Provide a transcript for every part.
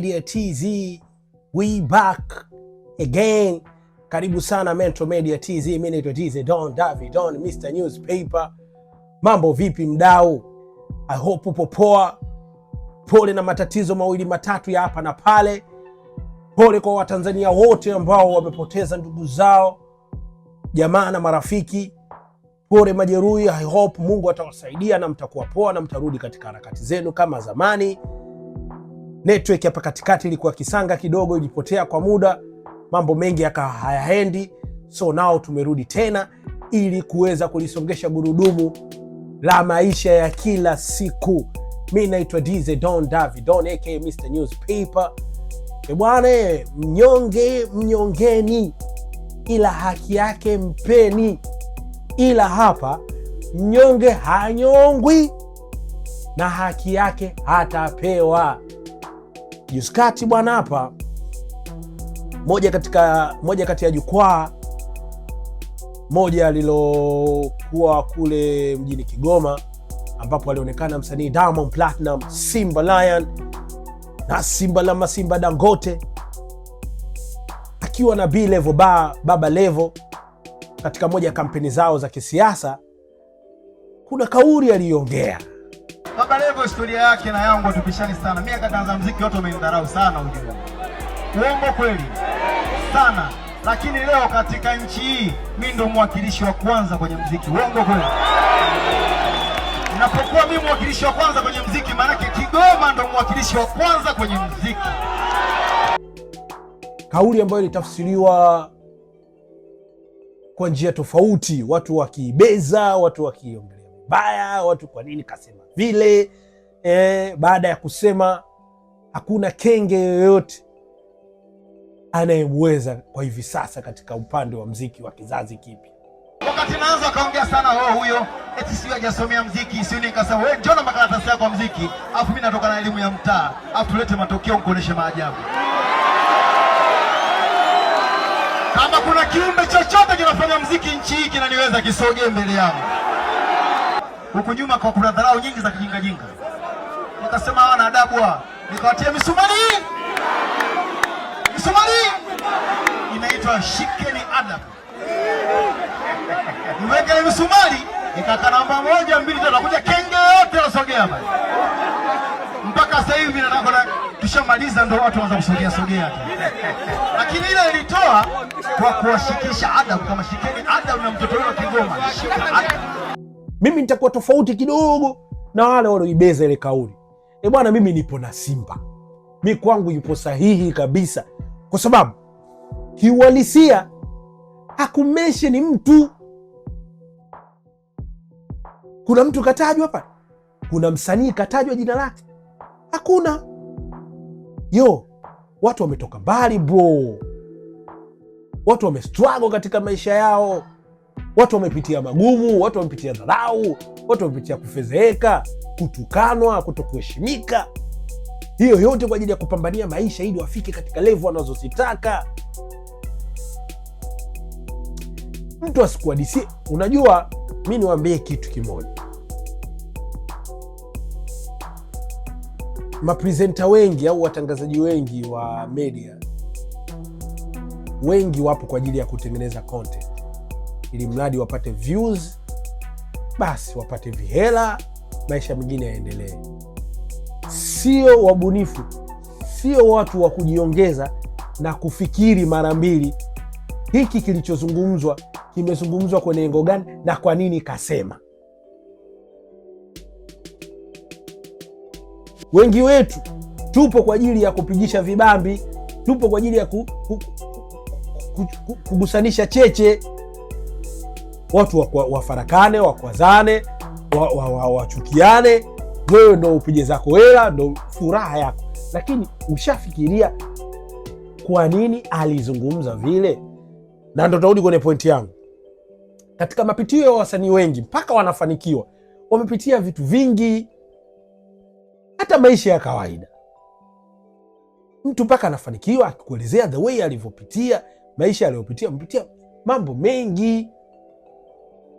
Media TZ, we back again. Karibu sana Metro Media TZ. Mimi naitwa TZ Don David Don, Mr Newspaper. Mambo vipi mdau? I hope upo poa. Pole na matatizo mawili matatu ya hapa na pale. Pole kwa Watanzania wote ambao wamepoteza ndugu zao, jamaa na marafiki. Pole majeruhi. I hope Mungu atawasaidia na mtakuwa poa na mtarudi katika harakati zenu kama zamani network hapa katikati ilikuwa kisanga kidogo, ilipotea kwa muda, mambo mengi yaka hayaendi. So nao tumerudi tena ili kuweza kulisongesha gurudumu la maisha ya kila siku. Mi naitwa DJ Don Davi Don aka Mr Newspaper. E bwana mnyonge mnyongeni, ila haki yake mpeni, ila hapa mnyonge hanyongwi na haki yake hatapewa juskati bwana hapa moja katika moja kati ya jukwaa moja alilokuwa kule mjini Kigoma ambapo alionekana msanii Diamond Platinum, Simba Lion na Simba la Masimba Dangote akiwa na B Levo ba Baba Levo katika moja ya kampeni zao za kisiasa, kuna kauli aliongea Baba Levo historia yake na yangu tupishani sana. Mimi akatanza muziki wote umenidharau sana ujue. Uongo kweli? Sana. Lakini leo katika nchi hii mimi ndo mwakilishi wa kwanza kwenye muziki. Uongo kweli? Ninapokuwa mimi mwakilishi wa kwanza kwenye muziki, yake Kigoma ndo mwakilishi wa kwanza kwenye muziki. Kauli ambayo ilitafsiriwa kwa njia tofauti, watu wakibeza watu wakiongea vibaya, watu kwa nini kasema vile eh. Baada ya kusema, hakuna kenge yoyote anayemweza kwa hivi sasa katika upande wa mziki wa kizazi kipya. Wakati naanza kaongea sana wao huyo, eti sio hajasomea mziki, sio ni nikasema wewe njoo na makaratasi yako ya mziki, afu mimi natoka na elimu ya mtaa, afu tulete matokeo nikuoneshe maajabu. Kama kuna kiumbe chochote kinafanya mziki nchi hii kinaniweza, kisogee mbele yangu huku nyuma kwa kuna dharau nyingi za kijinga jinga, nikasema na adabu hawa, nikawatia misumari. Misumari inaitwa shikeni adabu, niweke ni misumari, nikaka namba moja mbili tatu, nakuja kenge yote nasogea bali mpaka sasa hivi na tushamaliza, ndo watu waanza kusogea sogea, lakini ile ilitoa kwa kuwashikisha adabu, kama shikeni adabu na mtoto wenu kigoma, shika adabu mimi nitakuwa tofauti kidogo na wale walioibeza ile kauli. E bwana, mimi nipo na Simba, mi kwangu yupo sahihi kabisa, kwa sababu kiuhalisia ni mtu. Kuna mtu katajwa hapa? Kuna msanii katajwa jina lake? Hakuna. Yo, watu wametoka mbali bro, watu wamestruggle katika maisha yao. Watu wamepitia magumu, watu wamepitia dharau, watu wamepitia kufezeeka, kutukanwa, kutokuheshimika. Hiyo yote kwa ajili ya kupambania maisha ili wafike katika levu wanazozitaka. Mtu asikuhadisie. Unajua, mi niwaambie kitu kimoja, maprezenta wengi au watangazaji wengi wa media wengi wapo kwa ajili ya kutengeneza content ili mradi wapate views, basi wapate vihela, maisha mengine yaendelee. Sio wabunifu, sio watu wa kujiongeza na kufikiri mara mbili, hiki kilichozungumzwa kimezungumzwa kwenye lengo gani na kwa nini kasema. Wengi wetu tupo kwa ajili ya kupigisha vibambi, tupo kwa ajili ya ku, ku, ku, ku, ku, kugusanisha cheche watu wafarakane, wakwazane, wachukiane, wa, wa, wa wewe ndo upige zako hela, ndo furaha yako. Lakini ushafikiria kwa nini alizungumza vile? Na ndo tarudi kwenye pointi yangu, katika mapitio ya wasanii wengi mpaka wanafanikiwa wamepitia vitu vingi, hata maisha ya kawaida mtu mpaka anafanikiwa, akikuelezea the way alivyopitia maisha aliyopitia, amepitia mambo mengi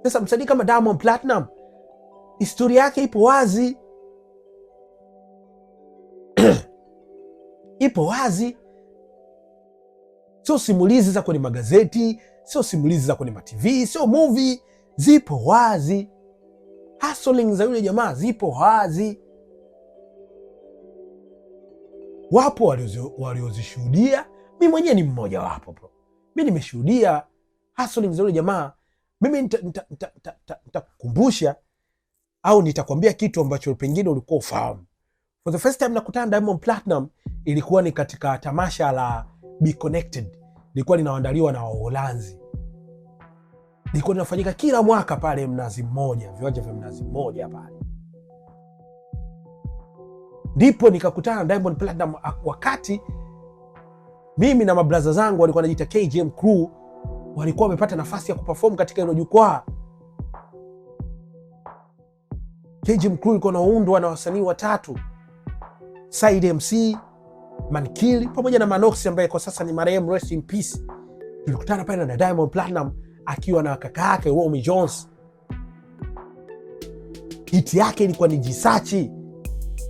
sasa msanii kama Diamond Platinum historia yake ipo wazi ipo wazi, sio simulizi za kwenye magazeti, sio simulizi za kwenye matv, sio movie, zipo wazi. Hustling za yule jamaa zipo wazi, wapo waliozishuhudia. Mi mwenyewe ni mmoja wapo, bro, mi nimeshuhudia hustling za yule jamaa mimi nitakumbusha au nitakwambia kitu ambacho pengine ulikuwa ufahamu. For the first time nakutana Diamond Platinum ilikuwa ni katika tamasha la Be Connected, lilikuwa linaandaliwa na Waholanzi, lilikuwa linafanyika kila mwaka pale Mnazi Mmoja, viwanja vya Mnazi Mmoja pale ndipo nikakutana na Diamond Platinum wakati mimi na mabraza zangu walikuwa wanajiita KJM crew walikuwa wamepata nafasi ya kuperform katika hilo jukwaa. Keji Mkuu ilikuwa naundwa na wasanii watatu, Side MC, Mankili pamoja na Manox ambaye kwa sasa ni marehemu, rest in peace. Tulikutana pale na Diamond Platinum akiwa na kaka yake Romy Jones. Hit yake ilikuwa ni Jisachi,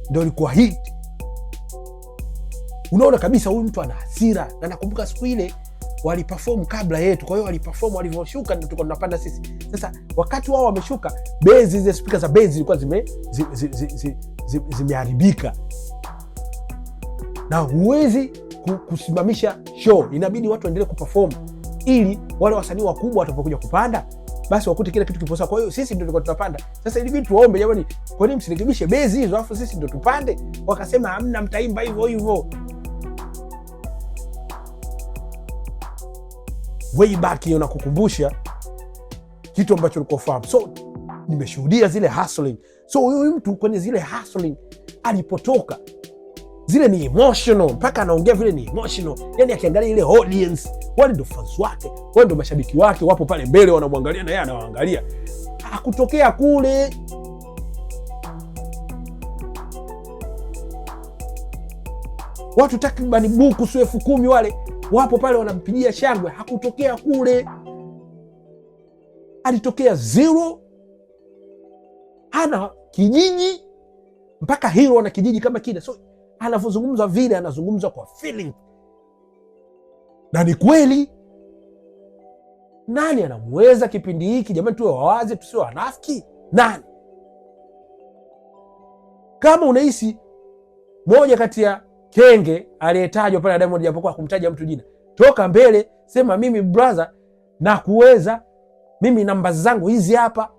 ndo ilikuwa hit. Unaona kabisa huyu mtu ana hasira, na nakumbuka siku ile waliperform kabla yetu, kwa hiyo waliperform, walivyoshuka ndio tulikuwa tunapanda sisi. Sasa wakati wao wameshuka, bezi zile speaker za bezi zilikuwa zime zimeharibika, na huwezi kusimamisha show, inabidi watu waendelee kuperform ili wale wasanii wakubwa watakapokuja kupanda basi wakute kile kitu kipo sawa. Kwa hiyo sisi ndio tulikuwa tunapanda. Sasa ilibidi tuombe, jamani, kwa nini msirekebishe bezi hizo, alafu sisi ndio tupande? Wakasema hamna, mtaimba hivyo hivyo. way back hiyo nakukumbusha kitu ambacho ulikuwa fahamu. So nimeshuhudia zile hustling. So huyu mtu kwenye zile hustling alipotoka, zile ni emotional, mpaka anaongea vile ni emotional. Yani akiangalia ile audience, wale ndo fans wake, wale ndo mashabiki wake, wapo pale mbele wanamwangalia na yeye anawaangalia. Akutokea kule watu takribani buku su elfu kumi wale wapo pale wanampigia shangwe. Hakutokea kule, alitokea zero, ana kijiji mpaka hilo, ana kijiji kama kile. So anavyozungumza vile, anazungumza kwa feeling na ni kweli. Nani anamweza kipindi hiki jamani? Tuwe wawazi, tusiwe wanafiki. Nani kama unahisi moja kati ya kenge aliyetajwa pale na Diamond, japokuwa kumtaja mtu jina, toka mbele, sema mimi brother na kuweza mimi, namba zangu hizi hapa,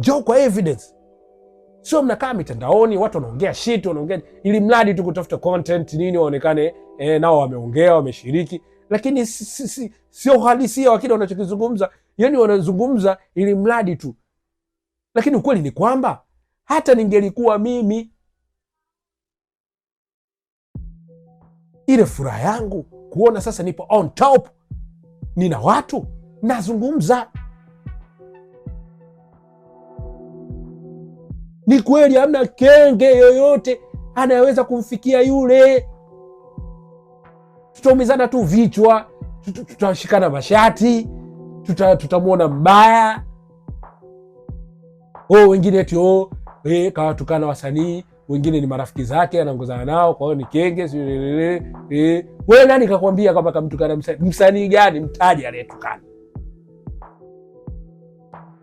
njoo kwa evidence. Sio mnakaa mitandaoni watu wanaongea shit, wanaongea ili mradi tu kutafuta content nini, waonekane eh, nao wameongea wameshiriki, lakini sio si, si, si uhalisia wa kile wanachokizungumza. Yani wanazungumza ili mradi tu, lakini ukweli ni kwamba hata ningelikuwa mimi ile furaha yangu kuona sasa nipo on top, nina watu nazungumza. Ni kweli hamna kenge yoyote anayeweza kumfikia yule. Tutaumizana tu vichwa, tutashikana mashati, tutamwona mbaya. Oh, wengine eti oh, eh, kawatukana wasanii wengine ni marafiki zake anaongozana nao, kwa hiyo ni kenge. Wewe nani kakwambia kwamba kamtukana msanii? Msanii gani? Mtaje aliyetukana,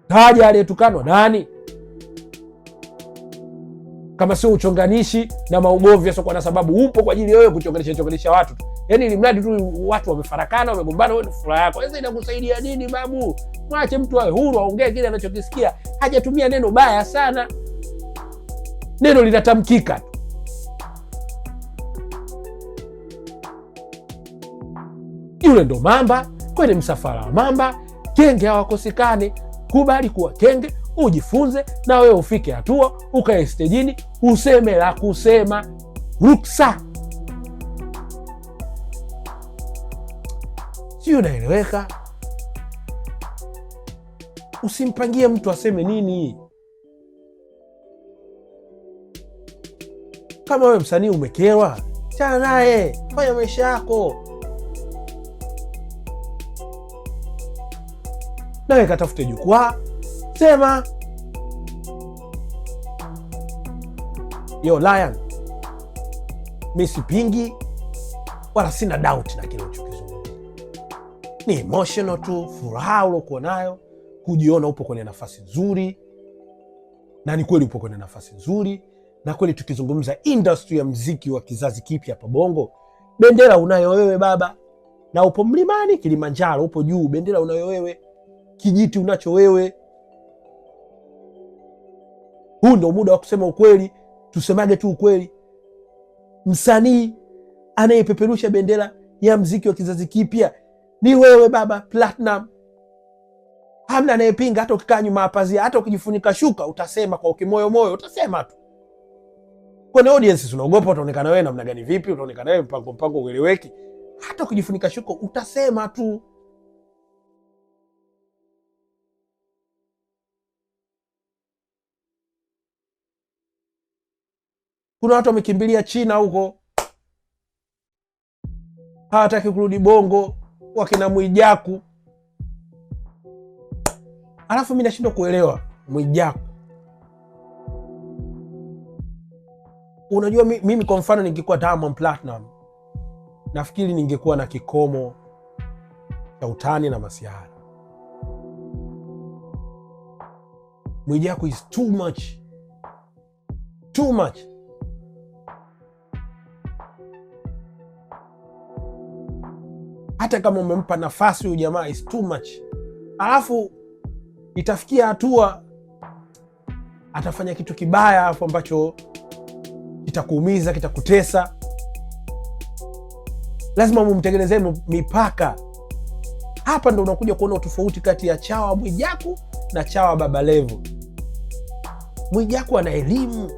taja aliyetukanwa nani, kama sio uchonganishi na maugomvi yasiokuwa na sababu. Upo kwa ajili wewe kuchonganisha chonganisha watu, yaani ili mradi tu watu wamefarakana, wamegombana, wewe ni furaha yako. Sasa inakusaidia nini babu? Mwache mtu awe huru, aongee kile anachokisikia, hajatumia neno baya sana neno linatamkika tu. Yule ndo mamba kwenye msafara wa mamba. Kenge hawakosekane. Kubali kuwa kenge, ujifunze na wewe ufike hatua, ukae stejini, useme la kusema. Ruksa, sijui unaeleweka. Usimpangie mtu aseme nini. Kama wewe msanii umekerwa, chana naye, fanya maisha yako, nawe katafute jukwaa, sema yo Lion, mi sipingi wala sina doubt na kile uchokizungumza, ni emotional tu, furaha uliokuwa nayo, kujiona upo kwenye nafasi nzuri, na ni kweli upo kwenye nafasi nzuri na kweli tukizungumza industry ya mziki wa kizazi kipya hapa Bongo, bendera unayo wewe baba, na upo mlimani Kilimanjaro, upo juu, bendera unayo wewe, kijiti unacho wewe. Huu ndio muda wa kusema ukweli, tusemage tu ukweli. Msanii anayepeperusha bendera ya mziki wa kizazi kipya ni wewe baba Platinum. Hamna anayepinga, hata ukikaa nyuma ya pazia, hata ukijifunika shuka, utasema kwa ukimoyomoyo, utasema tu Kwenye audience unaogopa utaonekana wewe namna gani, vipi utaonekana wewe mpango mpango ueleweki. Hata ukijifunika shuko utasema tu. Kuna watu wamekimbilia China huko, hawataki kurudi Bongo, wakina Mwijaku. Alafu mi nashindwa kuelewa Mwijaku Unajua mimi kwa mfano ningekuwa Diamond Platinum, nafikiri ningekuwa na kikomo cha utani na masihara. Mwijaku is too much, too much. Hata kama umempa nafasi huyu jamaa is too much, alafu itafikia hatua atafanya kitu kibaya hapo ambacho kitakuumiza, kitakutesa. Lazima mumtengenezee mipaka. Hapa ndo unakuja kuona utofauti kati ya chawa Mwijaku na chawa Baba Levo. Mwijaku ana elimu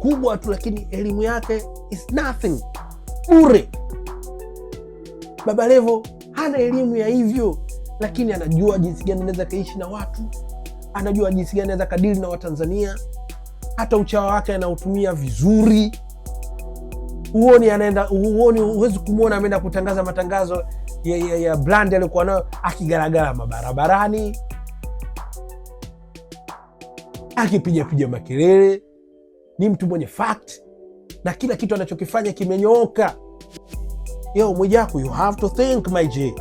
kubwa tu, lakini elimu yake is nothing, bure. Baba Levo hana elimu ya hivyo, lakini anajua jinsi gani anaweza kaishi na watu, anajua jinsi gani anaweza kadili na Watanzania hata uchawa wake anautumia vizuri. Huoni anaenda huoni, huwezi kumwona ameenda kutangaza matangazo ya, ya, ya brand aliyokuwa nayo akigaragara mabarabarani pija makelele. Ni mtu mwenye fact na kila kitu anachokifanya kimenyooka. Yo Mwijaku, you have to think my J.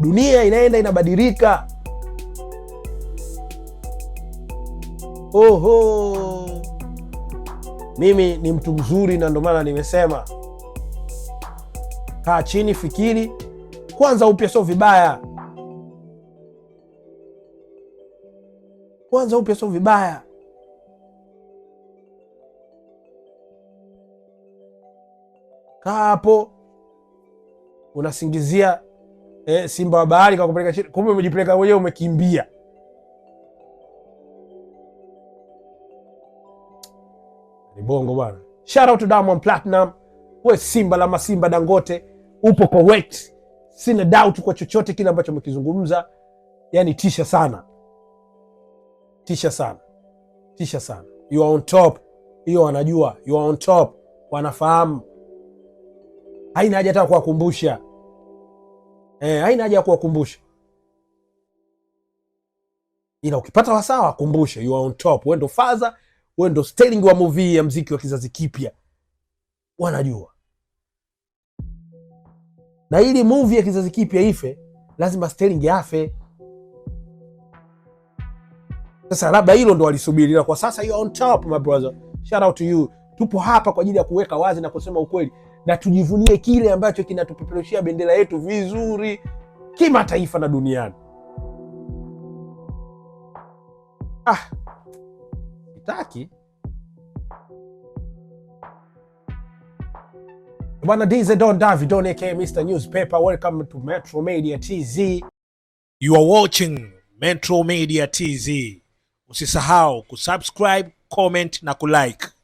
Dunia inaenda inabadilika, Oho, mimi ni mtu mzuri, na ndo maana nimesema kaa chini, fikiri kwanza upya. Sio vibaya, kwanza upya sio vibaya. Kaa hapo unasingizia eh, simba wa bahari kakupeleka chini, kumbe umejipeleka mwenyewe, umekimbia. Ni bongo bwana. Shout out to Diamond Platinum. We simba la masimba Dangote, upo wet, Sina doubt kwa chochote kile ambacho umekizungumza. Yani tisha sana. Tisha sana. Tisha sana. You are on top. Hiyo wanajua. You are on top. Wanafahamu. Haina haja hata kuwakumbusha. Eh, haina haja ya kuwakumbusha. Ila ukipata wasaa wakumbushe, you are on top. Wewe ndo father wewe ndo sterling wa movie ya mziki wa kizazi kipya, wanajua. Na ili movie ya kizazi kipya ife, lazima sterling afe. Sasa labda hilo ndo walisubiri, na kwa sasa you on top my brother, shout out to you. Tupo hapa kwa ajili ya kuweka wazi na kusema ukweli na tujivunie kile ambacho kinatupeperushia bendera yetu vizuri kimataifa na duniani. Ah sitaki. Bwana Dize Don David Don aka Mr Newspaper, welcome to Metro Media TZ. You are watching Metro Media TZ. Usisahau kusubscribe, comment na kulike.